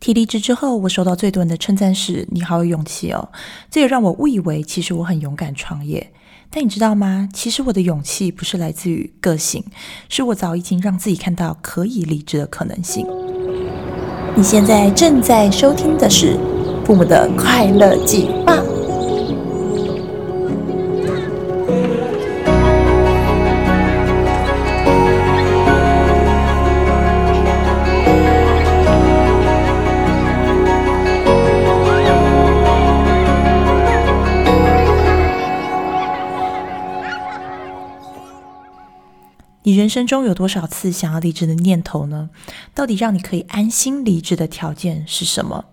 提離職之後，我收到最多人的稱讚是“你好有勇氣哦”，這也讓我誤以為其實我很勇敢創業。但你知道嗎？其實我的勇氣不是來自於個性，是我早已經讓自己看到可以離職的可能性。你現在正在收聽的是《父母的快樂記》。生中有多少次想要離職的念頭呢？到底讓你可以安心離職的條件是什麼？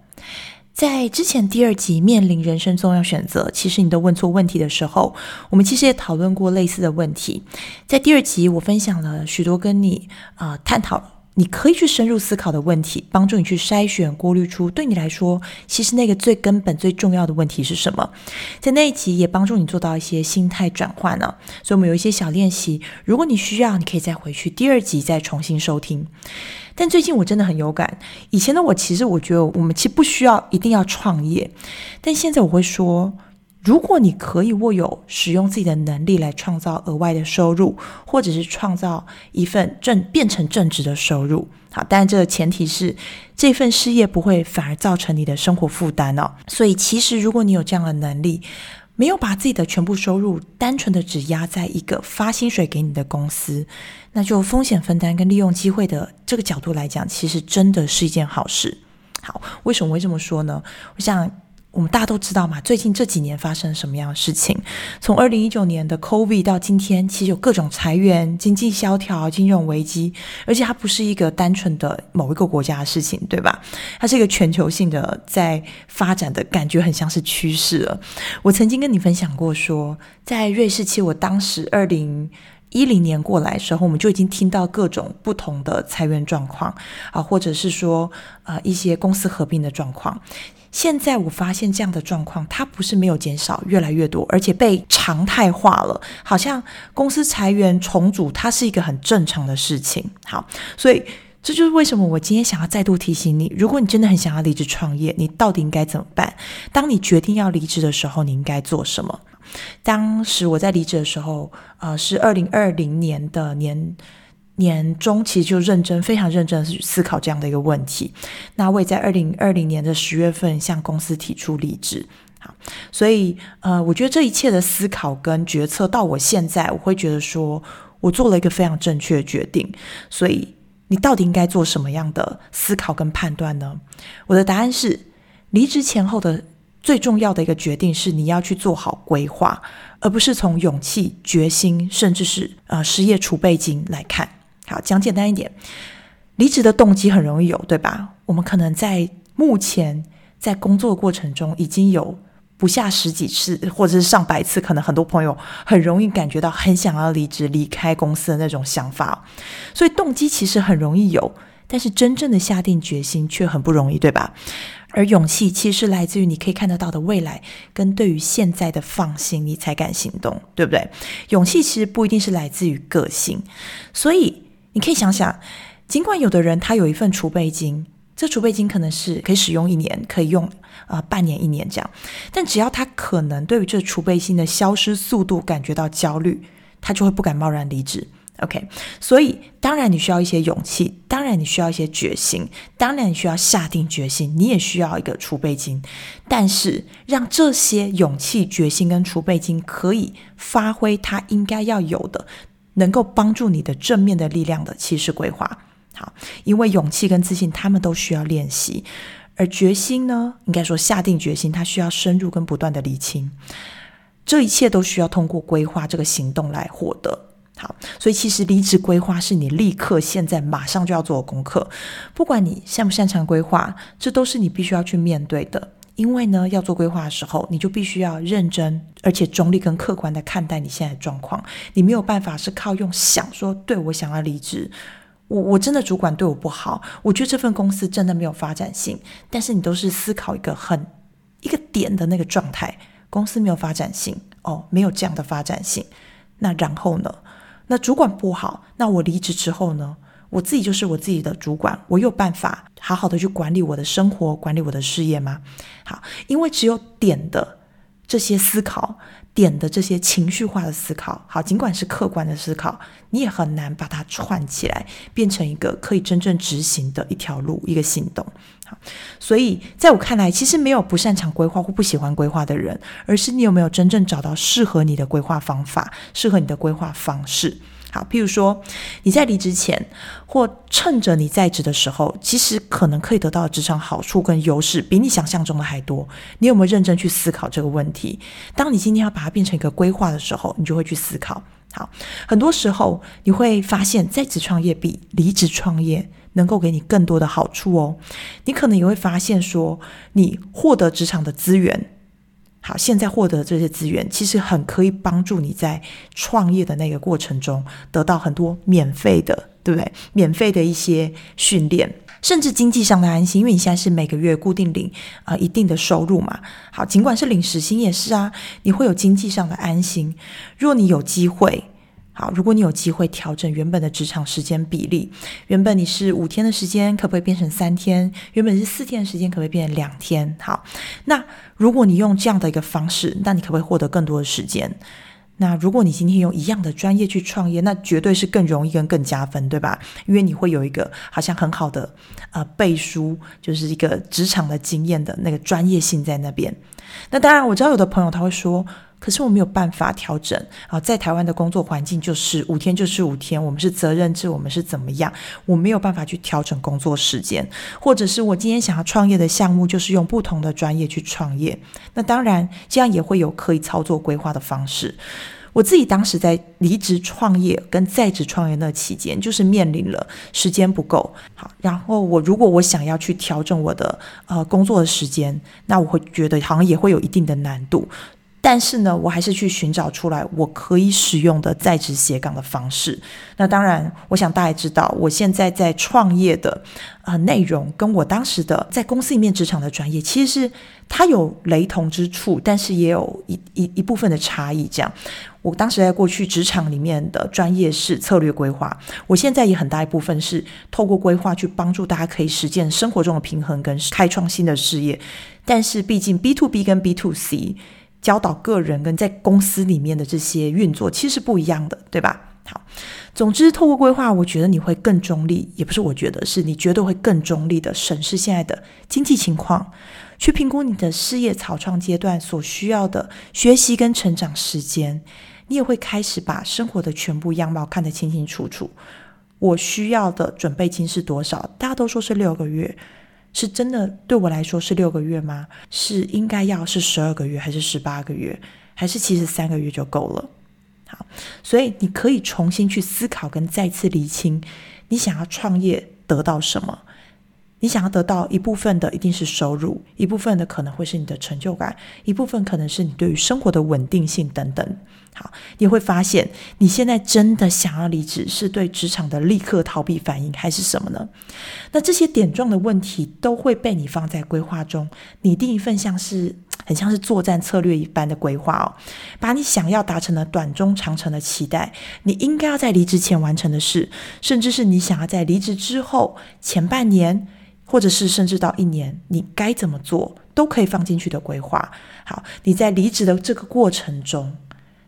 在之前第二集面臨人生重要選擇，其實你都問錯問題的時候，我們其實也討論過類似的問題。在第二集，我分享了許多跟你啊、呃、探討。你可以去深入思考的問題，幫助你去篩選、過濾出對你來說，其實那個最根本、最重要的問題是什麼。在那一集也幫助你做到一些心態轉換了啊。所以我們有一些小練習，如果你需要，你可以再回去第二集再重新收聽。但最近我真的很有感，以前的我其實我覺得我們其實不需要一定要創業，但現在我會說。如果你可以握有使用自己的能力來創造額外的收入，或者是創造一份正變成正值的收入，好，但這個前提是這份事業不會反而造成你的生活負擔哦。所以其實如果你有這樣的能力，沒有把自己的全部收入單純的只壓在一個發薪水給你的公司，那就風險分擔跟利用機會的這個角度來講，其實真的是一件好事。好，為什麼我會這麼說呢？我想。我們大家都知道嘛，最近這幾年發生什麼樣的事情？從二零一九年的 COVID 到今天，其實有各種裁員、經濟蕭條、金融危機，而且它不是一個單純的某一個國家的事情，對吧？它是一個全球性的在發展的，感覺很像是趨勢了。我曾經跟你分享過說，說在瑞士，其實，我當時二零一零年過來的時候，我們就已經聽到各種不同的裁員狀況啊，或者是說，呃，一些公司合併的狀況。現在我發現這樣的狀況，它不是沒有減少，越來越多，而且被常態化了，好像公司裁員重組，它是一個很正常的事情。好，所以這就是為什麼我今天想要再度提醒你，如果你真的很想要離職創業，你到底應該怎麼辦？當你決定要離職的時候，你應該做什麼？當時我在離職的時候，呃，是二零二零年的年。年中其實就認真、非常認真思考這樣的一個問題。那我也在二零二零年的十月份向公司提出離職。好，所以呃，我覺得這一切的思考跟決策到我現在，我會覺得說我做了一個非常正確的決定。所以你到底應該做什麼樣的思考跟判斷呢？我的答案是：離職前後的最重要的一個決定是你要去做好規劃，而不是從勇氣、決心，甚至是呃失業儲備金來看。好，講簡單一點，離職的動機很容易有，對吧？我們可能在目前在工作的過程中已經有不下十幾次，或者是上百次，可能很多朋友很容易感覺到很想要離職、離開公司的那種想法。所以動機其實很容易有，但是真正的下定決心卻很不容易，對吧？而勇氣其實來自於你可以看得到的未來，跟對於現在的放心，你才敢行動，對不對？勇氣其實不一定是來自於個性，所以。你可以想想，儘管有的人他有一份儲備金，這儲備金可能是可以使用一年，可以用啊、呃、半年一年這樣，但只要他可能對於這儲備金的消失速度感覺到焦慮，他就會不敢貿然離職。OK，所以當然你需要一些勇氣，當然你需要一些決心，當然你需要下定決心，你也需要一個儲備金，但是讓這些勇氣、決心跟儲備金可以發揮它應該要有的。能夠幫助你的正面的力量的其實規劃，好，因為勇氣跟自信，他們都需要練習，而決心呢，應該說下定決心，他需要深入跟不斷的釐清，這一切都需要通過規劃這個行動來獲得。好，所以其實離職規劃是你立刻現在馬上就要做的功課，不管你擅不擅長規劃，這都是你必須要去面對的。因為呢，要做規劃的時候，你就必須要認真，而且中立跟客觀的看待你現在的狀況。你沒有辦法是靠用想說，對我想要離職，我我真的主管對我不好，我覺得這份公司真的沒有發展性。但是你都是思考一個很一個點的那個狀態，公司沒有發展性哦，沒有這樣的發展性。那然後呢？那主管不好，那我離職之後呢？我自己就是我自己的主管，我有辦法好好的去管理我的生活、管理我的事業嗎？好，因為只有點的這些思考、點的這些情緒化的思考，好，儘管是客觀的思考，你也很難把它串起來，變成一個可以真正執行的一條路、一個行動。好，所以在我看來，其實沒有不擅長規劃或不喜歡規劃的人，而是你有沒有真正找到適合你的規劃方法、適合你的規劃方式。好，譬如說你在離職前，或趁着你在職的時候，其實可能可以得到的職場好處跟優勢，比你想象中的還多。你有沒有認真去思考這個問題？當你今天要把它變成一個規劃的時候，你就會去思考。好，很多時候你會發現，在職創業比離職創業能夠給你更多的好處哦。你可能也會發現說，說你獲得職場的資源。好，現在獲得這些資源，其實很可以幫助你在創業的那個過程中得到很多免費的，對不對？免費的一些訓練，甚至經濟上的安心，因為你現在是每個月固定領啊、呃、一定的收入嘛。好，儘管是領時薪也是啊，你會有經濟上的安心。若你有機會。好，如果你有機會調整原本的職場時間比例，原本你是五天的時間，可不可以變成三天？原本是四天的時間，可不可以變成兩天？好，那如果你用這樣的一個方式，那你可不可以獲得更多的時間？那如果你今天用一樣的專業去創業，那絕對是更容易跟更加分，對吧？因為你會有一個好像很好的呃背書，就是一個職場的經驗的那個專業性在那邊。那當然，我知道有的朋友他會說。可是我沒有辦法調整啊，在台灣的工作環境就是五天就是五天，我們是責任制，我們是怎麼樣？我沒有辦法去調整工作時間，或者是我今天想要創業的項目，就是用不同的專業去創業。那當然，這樣也會有可以操作規劃的方式。我自己當時在離職創業跟在職創業那期間，就是面臨了時間不夠。好，然後我如果我想要去調整我的，呃，工作的時間，那我會覺得好像也會有一定的難度。但是呢，我還是去尋找出來我可以使用的在職斜槓的方式。那當然，我想大家知道，我現在在創業的啊、呃、內容，跟我當時的在公司裡面職場的專業，其實是它有雷同之處，但是也有一一一部分的差異。這樣，我當時在過去職場裡面的專業是策略規劃，我現在也很大一部分是透過規劃去幫助大家可以實踐生活中的平衡跟開創新的事業。但是，畢竟 B to B 跟 B to C。教導個人跟在公司裡面的這些運作其實不一樣的，對吧？好，總之，透過規劃，我覺得你會更中立，也不是我覺得，是你絕對會更中立的審視現在的經濟情況，去評估你的事業草創階段所需要的學習跟成長時間，你也會開始把生活的全部樣貌看得清清楚楚。我需要的準備金是多少？大家都說是六個月。是真的對我來說是六個月嗎？是應該要是十二個月，還是十八個月，還是其實三個月就夠了？好，所以你可以重新去思考跟再次釐清，你想要創業得到什麼。你想要得到一部分的一定是收入，一部分的可能會是你的成就感，一部分可能是你對於生活的穩定性等等。好，你會發現你現在真的想要離職，是對職場的立刻逃避反應，還是什麼呢？那這些點狀的問題都會被你放在規劃中，擬定一份像是很像是作戰策略一般的規劃哦，把你想要達成的短中長程的期待，你應該要在離職前完成的事，甚至是你想要在離職之後前半年。或者是甚至到一年，你該怎麼做都可以放進去的規劃。好，你在離職的這個過程中，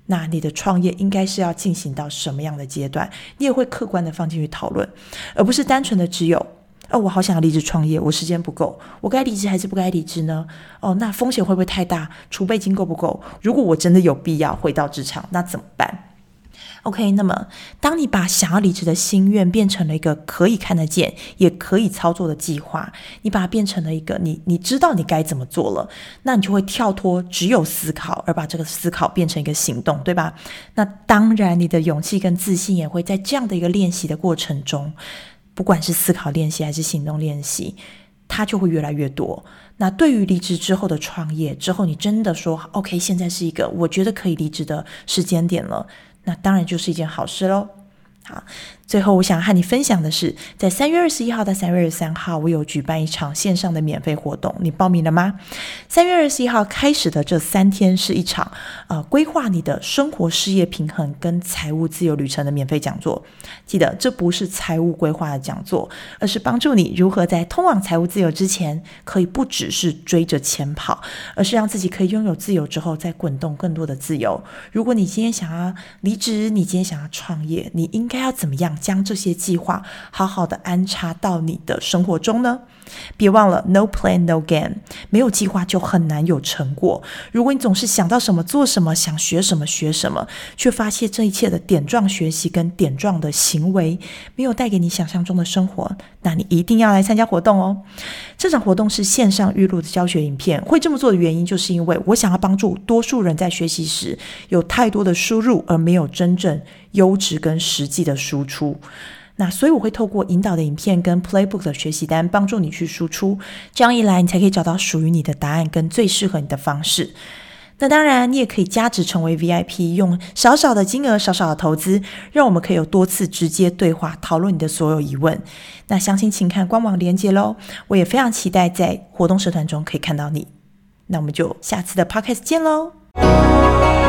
那你的創業應該是要進行到什麼樣的階段？你也會客觀的放進去討論，而不是單純的只有哦，我好想要離職創業，我時間不夠，我該離職還是不該離職呢？哦，那風險會不會太大？儲備金夠不夠？如果我真的有必要回到職場，那怎麼辦？OK，那麼當你把想要離職的心願變成了一個可以看得見、也可以操作的計劃，你把它變成了一個你你知道你該怎麼做了，那你就會跳脫只有思考，而把這個思考變成一個行動，對吧？那當然，你的勇氣跟自信也會在這樣的一個練習的過程中，不管是思考練習還是行動練習，它就會越來越多。那對於離職之後的創業，之後你真的說 OK，現在是一個我覺得可以離職的時間點了。那當然就是一件好事嘍。最後，我想和你分享的是，在三月二十一號到三月二十三號，我有舉辦一場線上的免費活動，你報名了嗎？三月二十一號開始的這三天是一場呃，規劃你的生活、事業平衡跟財務自由旅程的免費講座。記得，這不是財務規劃的講座，而是幫助你如何在通往財務自由之前，可以不只是追着錢跑，而是讓自己可以擁有自由之後，再滾動更多的自由。如果你今天想要離職，你今天想要創業，你應該要怎麼樣將這些計劃好好的安插到你的生活中呢？別忘了，no plan no gain，沒有計劃就很難有成果。如果你總是想到什麼做什麼，想學什麼學什麼，卻發現這一切的點狀學習跟點狀的行為沒有帶給你想象中的生活，那你一定要來參加活動哦。這場活動是線上預錄的教學影片，會這麼做的原因就是因為我想要幫助多數人在學習時有太多的輸入而沒有真正優質跟實際的輸出。那所以我會透過引導的影片跟 playbook 的學習單幫助你去輸出，這樣一來你才可以找到屬於你的答案跟最適合你的方式。那當然你也可以加值成為 VIP，用少少的金額、少少的投資，讓我們可以有多次直接對話討論你的所有疑問。那詳情請看官網連結嘍，我也非常期待在活動社團中可以看到你。那我們就下次的 podcast 見嘍。